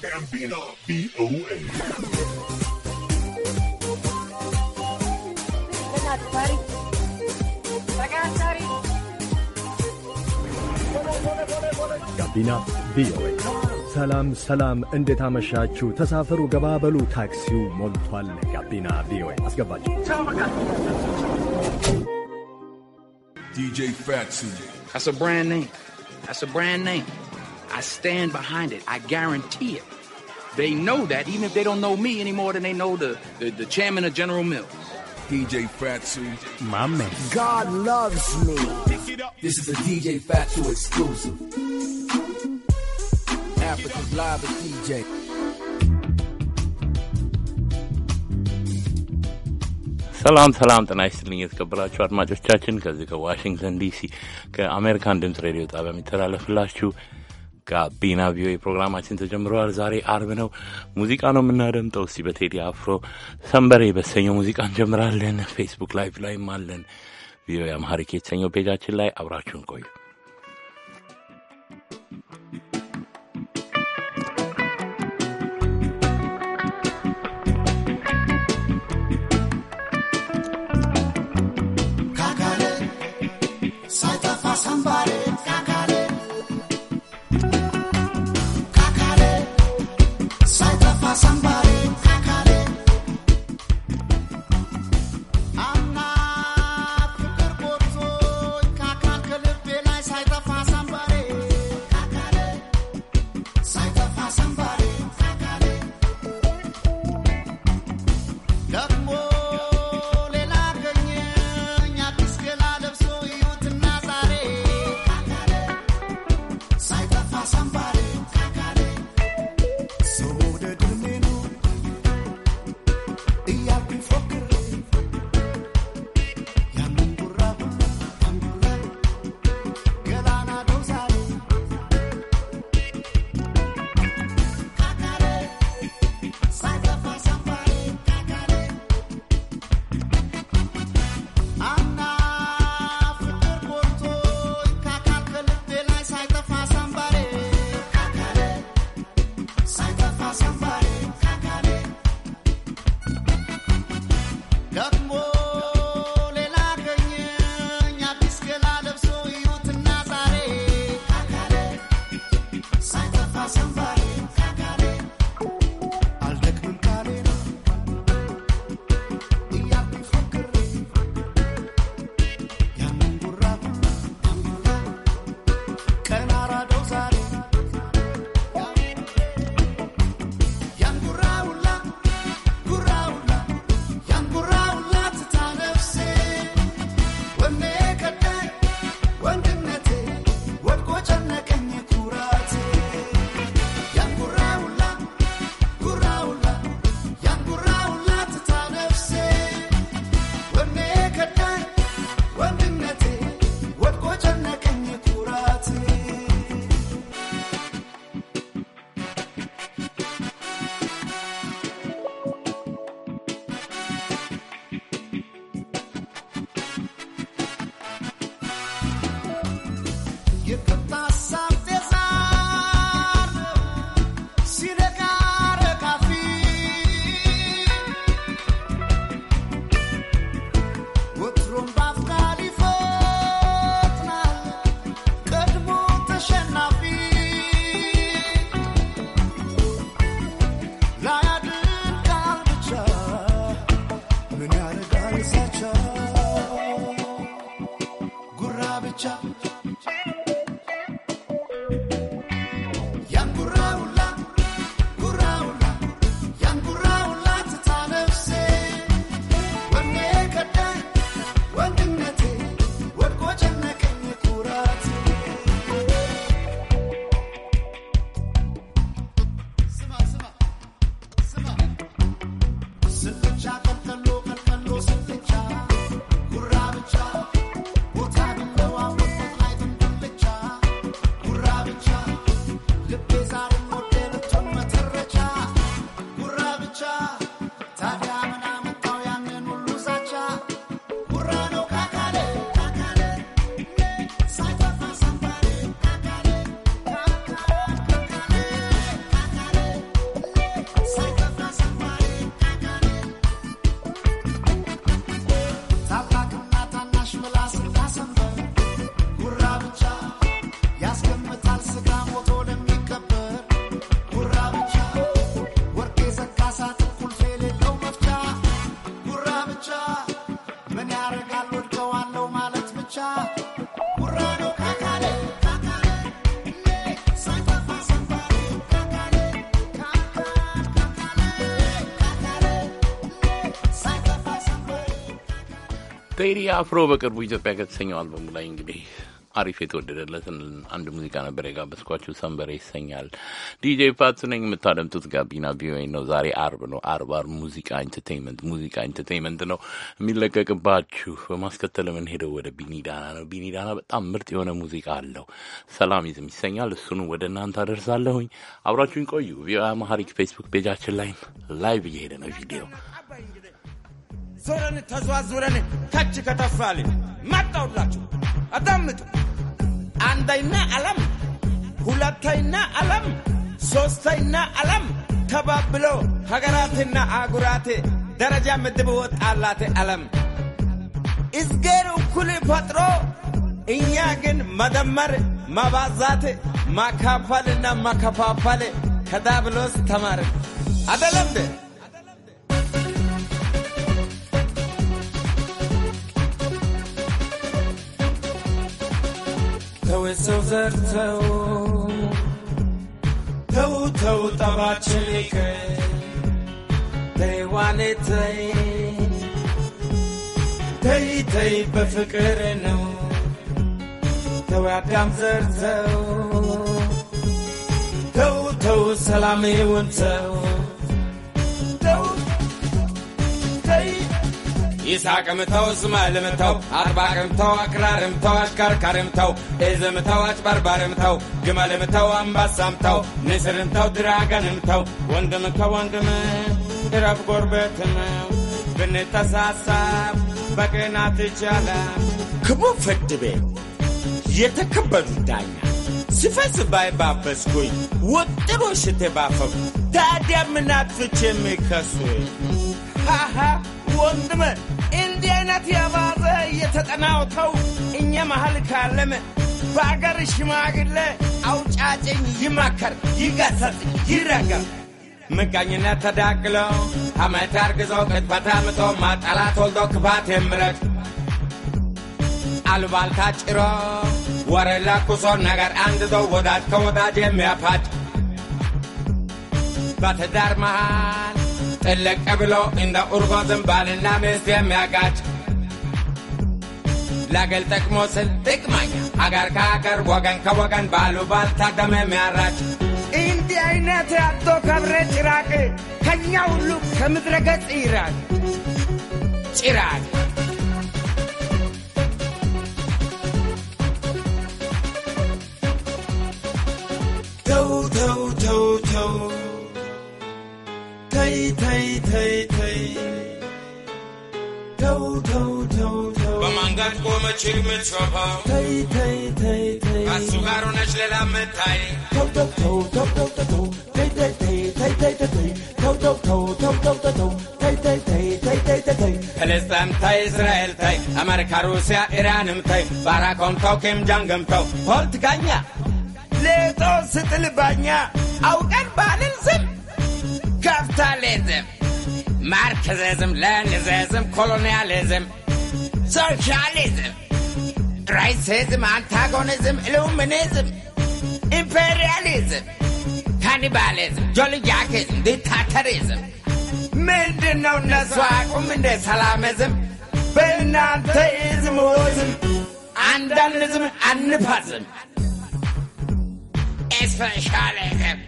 ጋቢና VOA. ጋቢና ቪኦኤ። ሰላም ሰላም፣ እንዴት አመሻችሁ? ተሳፈሩ፣ ገባበሉ፣ ታክሲው ሞልቷል። ጋቢና ቪኦኤ አስገባችሁ። That's a brand name. That's a brand name. I stand behind it. I guarantee it. They know that, even if they don't know me any more than they know the, the, the chairman of General Mills. DJ Fatsu, my man. God loves me. This is a DJ Fatsu exclusive. Africa's live with DJ. ሰላም ሰላም፣ ጤና ይስጥልኝ የተከበራችሁ አድማጮቻችን ከዚህ ከዋሽንግተን ዲሲ ከአሜሪካን ድምጽ ሬዲዮ ጣቢያ የሚተላለፍላችሁ ጋቢና ቪኦኤ ፕሮግራማችን ተጀምረዋል። ዛሬ አርብ ነው፣ ሙዚቃ ነው የምናደምጠው። እስቲ በቴዲ አፍሮ ሰንበሬ በተሰኘው ሙዚቃ እንጀምራለን። ፌስቡክ ላይቭ ላይም አለን። ቪኦኤ አማሪክ የተሰኘው ፔጃችን ላይ አብራችሁን ቆዩ። ቴዲ አፍሮ በቅርቡ ኢትዮጵያ ከተሰኘው አልበሙ ላይ እንግዲህ አሪፍ የተወደደለትን አንድ ሙዚቃ ነበር የጋበዝኳችሁ። ሰንበሬ ይሰኛል። ዲጄ ፋቱ ነኝ። የምታደምጡት ጋቢና ቪኦኤ ነው። ዛሬ አርብ ነው። አርብ አርብ ሙዚቃ ኢንተርቴንመንት፣ ሙዚቃ ኢንተርቴንመንት ነው የሚለቀቅባችሁ። በማስከተል የምንሄደው ወደ ቢኒዳና ነው። ቢኒዳና በጣም ምርጥ የሆነ ሙዚቃ አለው። ሰላም ይዝም ይሰኛል። እሱኑ ወደ እናንተ አደርሳለሁኝ። አብራችሁን ቆዩ። ቪኦኤ አማሪክ ፌስቡክ ፔጃችን ላይ ላይቭ እየሄደ ነው ቪዲዮ ዞረን ተዟዙረን ከች ከተፋል መጣውላችሁ አዳምጡ። አንደኛ ዓለም፣ ሁለተኛ ዓለም፣ ሶስተኛ ዓለም ተባብሎ ሀገራትና አህጉራት ደረጃ ምድብ ወጣላት ዓለም እዝጌር እኩል ፈጥሮ እኛ ግን መደመር፣ ማባዛት፣ ማካፈልና ማከፋፈል ከዳብሎስ ተማር አደለምደ ሰው ዘርተው ተው ተው ጠባችን ይቅር ተይዋኔተይ ተይ ተይ በፍቅር ነው ተው አዳም ዘርተው ተው ተው ሰላም ይውንተው ይስሐቅ ምተው እስማኤል ምተው አጥባቅ ምተው አክራር ምተው አሽከርካሪ ምተው እዝ ምተው አጭበርባሪ ምተው ግመል ምተው አንበሳ ምተው ንስር ምተው ድራገን ምተው ወንድም ከወንድም ቅረብ ጎረቤትም ብንተሳሳብ በቅናት ይቻላል። ክቡር ፍርድ ቤት የተከበሩ ዳኛ ስፈስ ባይባበስኩኝ ወጥሮ ሽቴ ባፈኩ ታዲያ ምናትች የሚከሱ ወንድም እንዲህ አይነት የባዘ እየተጠናውተው እኛ መሃል ካለም በአገር ሽማግሌ አውጫጭኝ ይመከር፣ ይገሰጽ፣ ይረገም። ምቀኝነት ተዳቅሎ አመት አርግዞ ቅጥፈት አምጦ ማጠላት ወልዶ ክፋት የምረግ አልባልታ ጭሮ ወሬ ለኩሶ ነገር አንድዶ ወዳጅ ከወዳጅ የሚያፋጭ በትዳር መሃል ጥልቅ ብሎ እንደ ኡርጎ ዝም ባልና ሚስት የሚያጋጭ ለግል ጥቅሙ ስል ጥቅማኛ አገር ከአገር ወገን ከወገን ባሉ ባልታደም የሚያራጭ እንዲህ አይነት ያጦ ከብረ ጭራቅ ከእኛ ሁሉ ከምድረ ገጽ ይራቅ ጭራቅ ተው ተው ተው ተው Thầy, በማንጋት ቆመች የምትሾፈው ተይ ተይ ተይ ተይ ከሱ ጋር ሆነች ሌላ ምታይ ተው ተው ተው ተው ተው ተው ተው ተይ ተይ ተይ ተይ ተይ ተይ ተይ ተው ተው ተው ተው ተው ተው ተው ፍልስጤም ታይ እስራኤል ታይ አሜሪካ ሩሲያ ኢራንም ታይ ባራኮም ተው ኪም ጃንግም ተው ሆልት ጋኛ ሌጦ አውቀን ባልን kapitalizm, merkezizm, lenizizm, kolonyalizm, sosyalizm, racism, antagonizm, illuminizm, imperializm, kannibalizm, joligakizm, diktatörizm. ምንድነው እነሱ አቁም እንደ ሰላምዝም በእናንተ ኢዝም ወዝም አንዳንዝም አንፋዝም ኤስፔሻሊዝም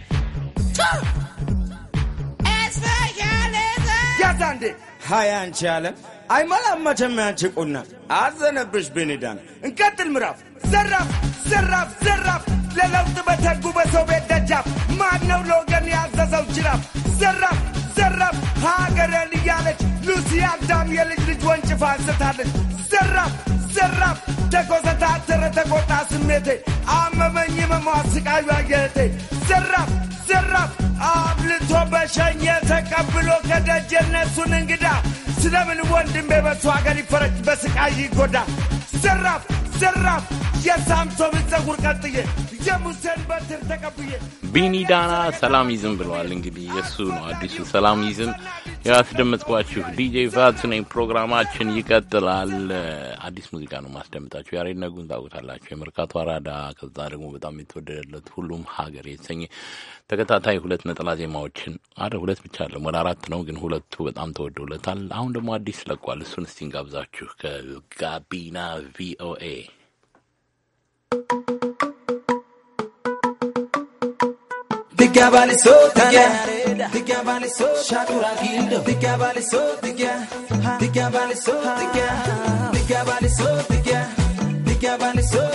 በዛ እንዴ ሀይ አንቺ አለም አይመላመቸም ያንቺ ቁና አዘነብሽ ብንዳን እንቀጥል ምዕራፍ ዘራፍ ዘራፍ ዘራፍ ለለውጥ በተጉ በሰው ቤት ደጃፍ ማን ነው ለወገን ያዘዘው ጅራፍ ዘራፍ ዘራፍ ሀገረን እያለች ሉሲ አዳም የልጅ ልጅ ወንጭፋ አንስታለች ዘራፍ ዘራፍ ተኮሰታተረ ተቆጣ ስሜቴ አመመኝ መሟ ስቃዩ አየህቴ ዘራፍ ሲያዘራፍ አብልቶ በሸኘ ተቀብሎ ከደጀ እነሱን እንግዳ ስለምን ወንድሜ በሱ ሀገር ይፈረጅ በስቃይ ይጎዳ። ዘራፍ ዘራፍ የሳምሶምን ጸጉር ቀጥዬ የሙሴን በትር ተቀብዬ ቢኒዳና ሰላም ይዝም ብለዋል። እንግዲህ የእሱ ነው አዲሱ ሰላም ይዝም ያስደመጥኳችሁ ዲጄ ቫትስ ነኝ። ፕሮግራማችን ይቀጥላል። አዲስ ሙዚቃ ነው ማስደምጣችሁ። ያሬድ ነጉን ታውቁታላችሁ። የመርካቶ አራዳ፣ ከዛ ደግሞ በጣም የተወደደለት ሁሉም ሀገር የተሰኘ ተከታታይ ሁለት ነጠላ ዜማዎችን አረ ሁለት ብቻ አለ ወደ አራት ነው፣ ግን ሁለቱ በጣም ተወደውለታል። አሁን ደግሞ አዲስ ለቋል። እሱን እስቲ እንጋብዛችሁ ከጋቢና ቪኦኤ Digga vale so, ya Digga vale sota Shakura gildo Digga vale so, ya Digga vale sota ya Digga vale sota ya Digga vale so.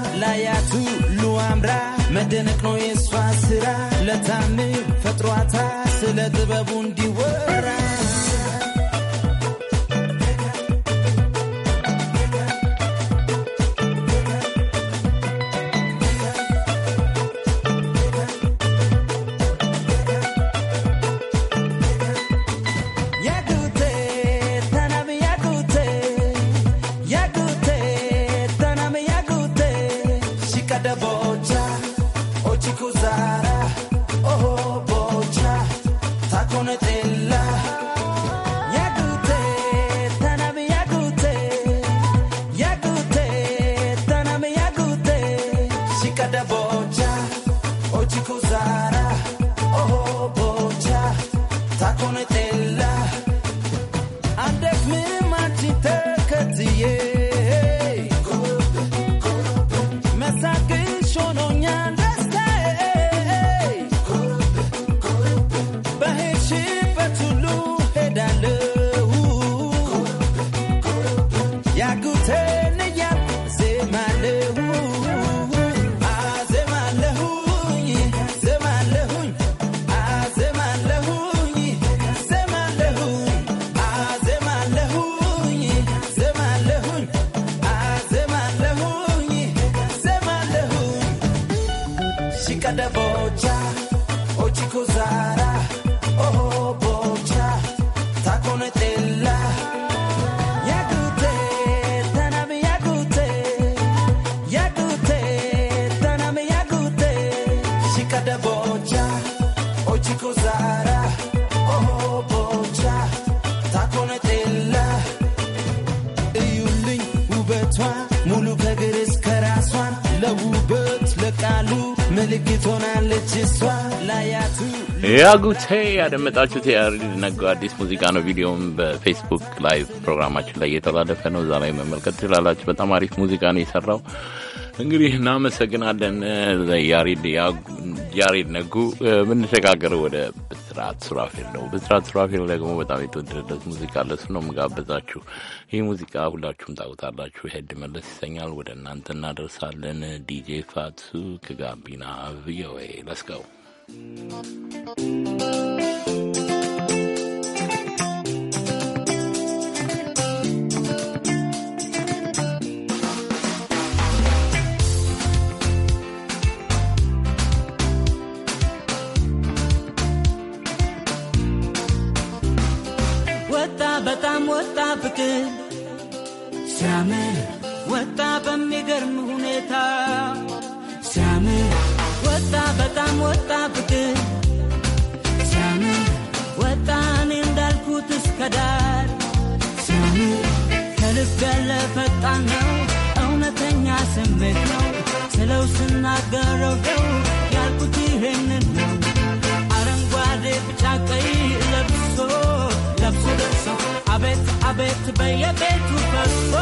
ላያቱ ሉአምራ መደነቅ ነው የእሷ ስራ ለታምር ፈጥሯታ ስለ ጥበቡ እንዲወራ ያጉቴ ያደመጣችሁት የያሬድ ነጋ አዲስ ሙዚቃ ነው። ቪዲዮም በፌስቡክ ላይቭ ፕሮግራማችን ላይ እየተላለፈ ነው። እዛ ላይ መመልከት ትችላላችሁ። በጣም አሪፍ ሙዚቃ ነው የሰራው። እንግዲህ እናመሰግናለን ያሬድ ነጉ። የምንሸጋገረው ወደ ብስራት ሱራፌል ነው። ብስራት ሱራፌል ደግሞ በጣም የተወደደለት ሙዚቃ ለሱ ነው የምጋበዛችሁ። ይህ ሙዚቃ ሁላችሁም ታውቁታላችሁ። ሄድ መለስ ይሰኛል። ወደ እናንተ እናደርሳለን። ዲጄ ፋቱ ከጋቢና ቪኦኤ ለስቀው Thank you. ዳር ስሜ ከልብ ያለ ፈጣን ነው፣ እውነተኛ ስሜት ነው። ስለው ስናገረው ደው ያልኩት ይሄንን ነው። አረንጓዴ ቢጫ ቀይ ለብሶ ለብሶ ደርሶ አቤት አቤት በየቤቱ ፈሶ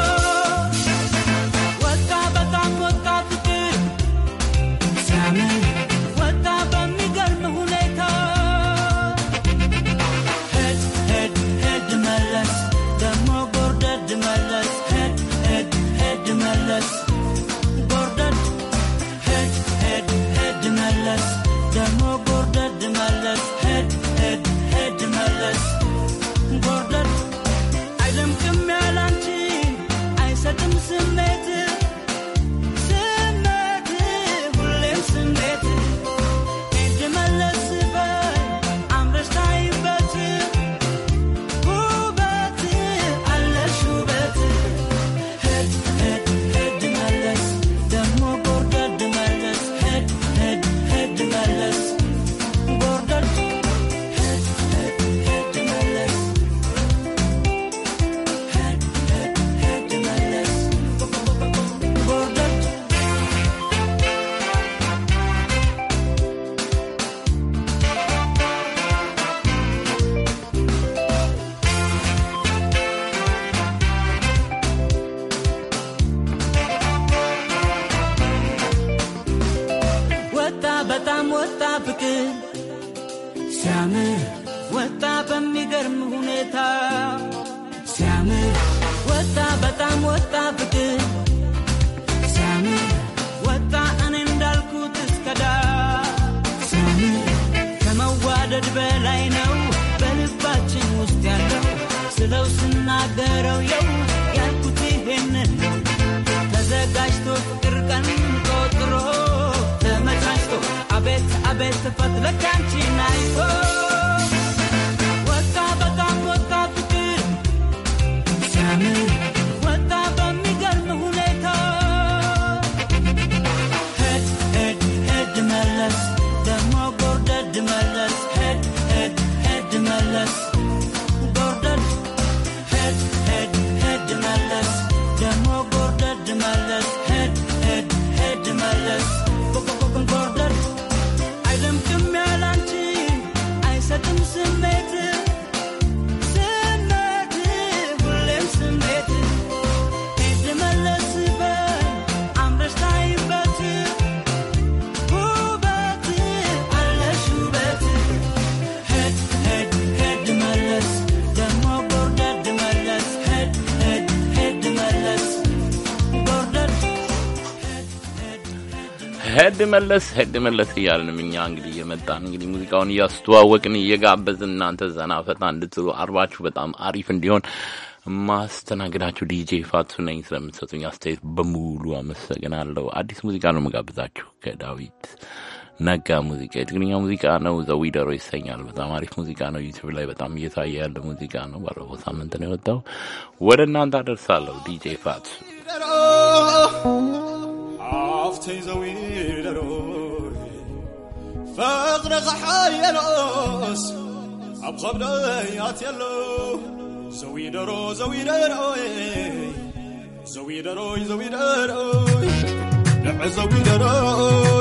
ስለው ስናገረው የው ያልኩት ይሄንን ተዘጋጅቶ ፍቅር ቀን ቆጥሮ ተመቻችቶ አቤት አቤት ፈትለካንቺን አይቶ ሄድ መለስ ሄድ መለስ እያልንም እኛ እንግዲህ እየመጣን እንግዲህ ሙዚቃውን እያስተዋወቅን እየጋበዝን እናንተ ዘና ፈታ እንድትሉ አርባችሁ በጣም አሪፍ እንዲሆን ማስተናግዳችሁ ዲጄ ፋቱ ነኝ። ስለምትሰጡኝ አስተያየት በሙሉ አመሰግናለሁ። አዲስ ሙዚቃ ነው መጋብዛችሁ ከዳዊት ነጋ ሙዚቃ የትግርኛ ሙዚቃ ነው። ዘዊደሮ ይሰኛል። በጣም አሪፍ ሙዚቃ ነው። ዩቲዩብ ላይ በጣም እየታየ ያለ ሙዚቃ ነው። ባለፈው ሳምንት ነው የወጣው። ወደ እናንተ አደርሳለሁ። ዲጄ ፋቱ عرفتي زويل روحي فقر غحايا الأس عبقى بنيات يلو زويد رو زويد روي زويد روي زويد روي نعم روي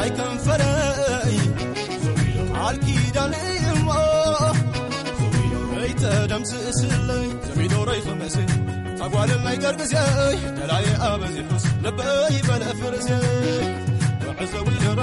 ናይ ከንፈረይ ቃል ኪዳነይ እሞ ከይተደምስእስለይ ዘሚኖረይ ኸመሰይ ኣጓልን ናይ ገርግዜይ ደላየ ኣበዚሑስ ለበይ በልአ ፍርእዘይ ብዕዘዊ ነሮ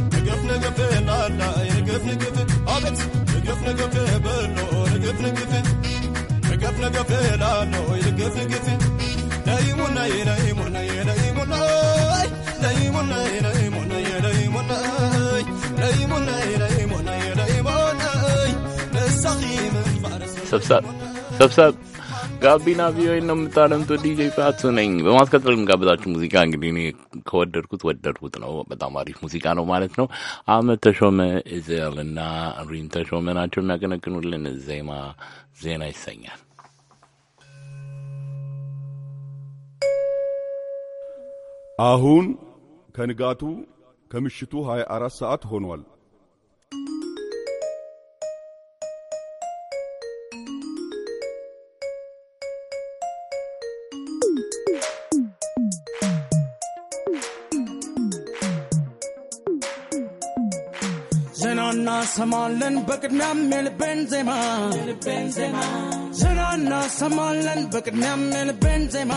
سبسب سبسب ጋቢና ቪኦኤ ነው የምታደምጡ። ዲጄ ፋቱ ነኝ። በማስከተል የምጋብዛችሁ ሙዚቃ እንግዲህ እኔ ከወደድኩት ወደድኩት ነው። በጣም አሪፍ ሙዚቃ ነው ማለት ነው። አመት ተሾመ እዘል እና ሪን ተሾመ ናቸው የሚያቀነቅኑልን። ዜማ ዜና ይሰኛል። አሁን ከንጋቱ ከምሽቱ 24 ሰዓት ሆኗል። እናሰማለን በቅድሚያም የልቤን ዜማ ዝና እናሰማለን በቅድሚያም የልቤን ዜማ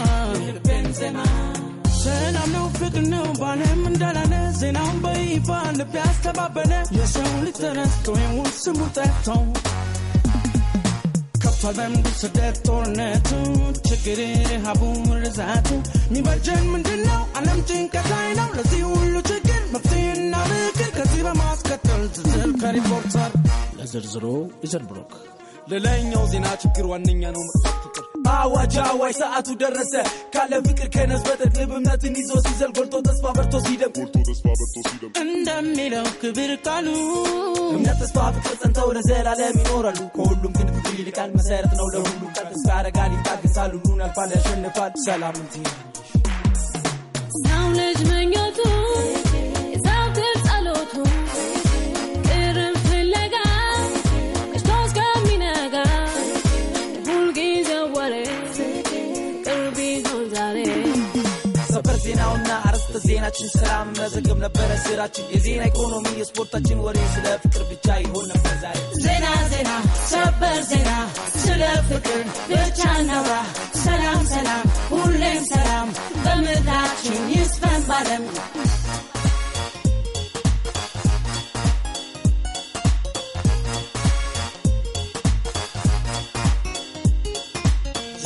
ሰላም ነው ፍቅር ነው ባለም እንዳላለ ዜናውን በይፋ ልብ ያስተባበለ የሰው ልጅ ተነስቶ ይሁን ስሙ ጠርቶ ከብቷል በምድር ስደት ጦርነቱ ችግር ረሃቡ ርዛቱ የሚበጀን ምንድን ነው? ዓለም ጭንቀት ላይ ነው። ለዚህ ሁሉ ችግር መፍትሄ እናብቅ ከዚህ በማስከተል ዝርዝር ከሪፖርተር ለዝርዝሩ ይዘንብሮክ ሌላኛው ዜና ችግር ዋነኛ ነው። ፍቅር አዋጅ አዋጅ ሰዓቱ ደረሰ ካለ ፍቅር ከነስ በጠቅልብ እምነትን ይዞ ሲዘል ጎልቶ ተስፋ በርቶ ሲደግ እንደሚለው ክብር ቃሉ እምነት፣ ተስፋ፣ ፍቅር ጸንተው ለዘላለም ይኖራሉ። ከሁሉም ግን ፍቅር ይልቃል፣ መሰረት ነው ለሁሉ ቀጥ እስካረጋል ይታገሳል፣ ሁሉን ያልፋል፣ ያሸንፋል። ሰላም እንት ነው ልጅ የጤናችን ሰላም መዘገብ ነበረ ስራችን። የዜና ኢኮኖሚ፣ የስፖርታችን ወሬ ስለ ፍቅር ብቻ ይሆን ነበር ዛሬ። ዜና ዜና፣ ሰበር ዜና፣ ስለ ፍቅር ብቻ ነውራ። ሰላም ሰላም፣ ሁሌም ሰላም በምድራችን ይስፈን ባለም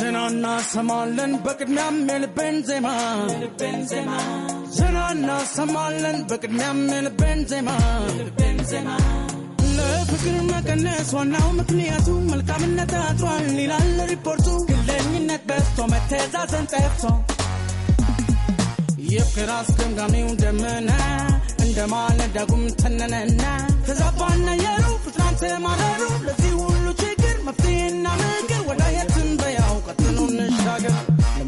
ዜና እናሰማለን በቅድሚያም የልቤን ዜማ ዜና እናሰማለን በቅድሚያም የልቤን ዜማ ለፍቅር መቀነስ ዋናው ምክንያቱ መልካምነት አጥሯል ይላል ሪፖርቱ። ግለኝነት በዝቶ መተዛዘን ጠፍቶ የፍቅር አስገምጋሚው ደመና እንደ ማለዳ ጉም ተነነና ተዛባና የሩ ፍጥናን ተማረሩ ለዚህ ሁሉ ችግር መፍትሄና ምክር ወዳየትን በያው ቀጥኑ እንሻገር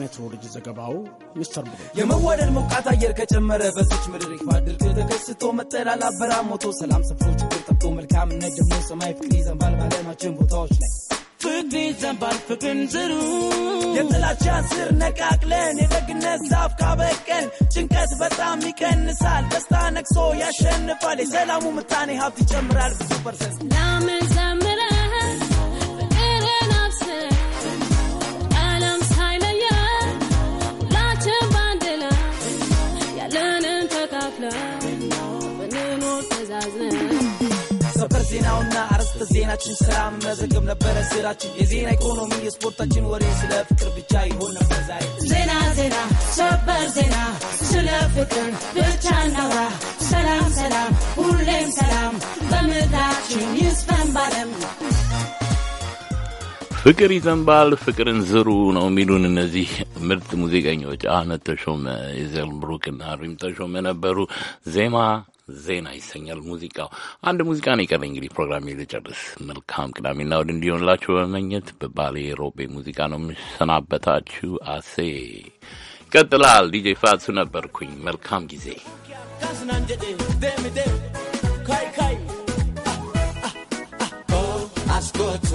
የሜትሮሎጂ ዘገባው ሚስተር ብሩ የመዋደድ ሞቃት አየር ከጨመረ በሰች ምድር ይፋድርግ ተከስቶ መጠላል አበራ ሞቶ ሰላም ሰፍሮ ችግር ጠብቶ መልካምነት ደግሞ ሰማይ ፍቅር ይዘንባል ባለማችን ቦታዎች ላይ ፍቅር ይዘንባል ፍቅርን ዝሩ የጥላቻ ስር ነቃቅለን የደግነት ዛፍ ካበቀን ጭንቀት በጣም ይቀንሳል። ደስታ ነቅሶ ያሸንፋል። የሰላሙ ምጣኔ ሀብት ይጨምራል ብዙ ፐርሰንት ሁላችን ስራ መዘገብ ነበረ ስራችን የዜና ኢኮኖሚ የስፖርታችን ወሬ ስለ ፍቅር ብቻ ይሆን ነበር ዛሬ ዜና ዜና ሰበር ዜና ስለ ፍቅር ብቻ ነዋ ሰላም ሰላም ሁሌም ሰላም በምድራችን ይስፈን ባለም ፍቅር ይዘንባል ፍቅርን ዝሩ ነው የሚሉን እነዚህ ምርጥ ሙዚቀኞች አህነት ተሾመ፣ የዘል ብሩክና ሪም ተሾመ ነበሩ ዜማ ዜና ይሰኛል ሙዚቃው። አንድ ሙዚቃ ነው የቀረኝ እንግዲህ ፕሮግራሜ ልጨርስ። መልካም ቅዳሜና እሑድ እንዲሆንላችሁ በመመኘት በባሌ ሮቤ ሙዚቃ ነው የምሰናበታችሁ። አሴ ይቀጥላል። ዲጄ ፋሱ ነበርኩኝ። መልካም ጊዜ ካይ አስጎቱ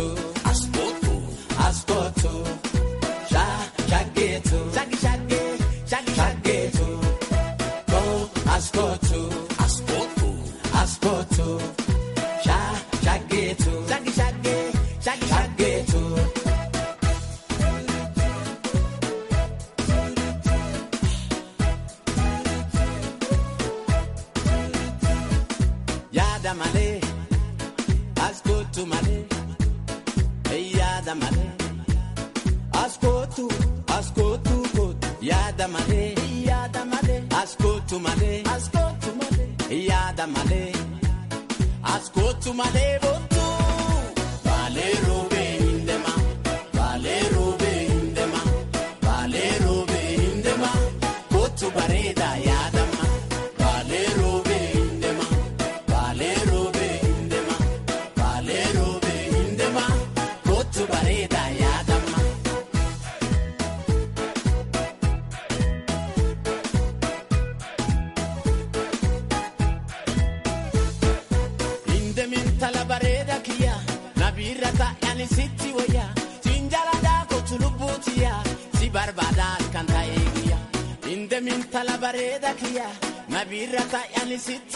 Mabirakaya, Mabiraka, and is it?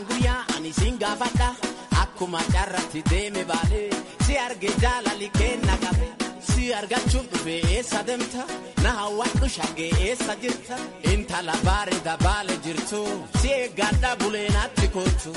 Kan guyyaa ani siin gaafadha akkuma carratti deeme baalee si arge jaalali kenna qabe si argachuun dhubee eessa demta? na hawwadhu shagee eessa jirta intala bareeda baale jirtu si eeggadha buleenaatti kooltu.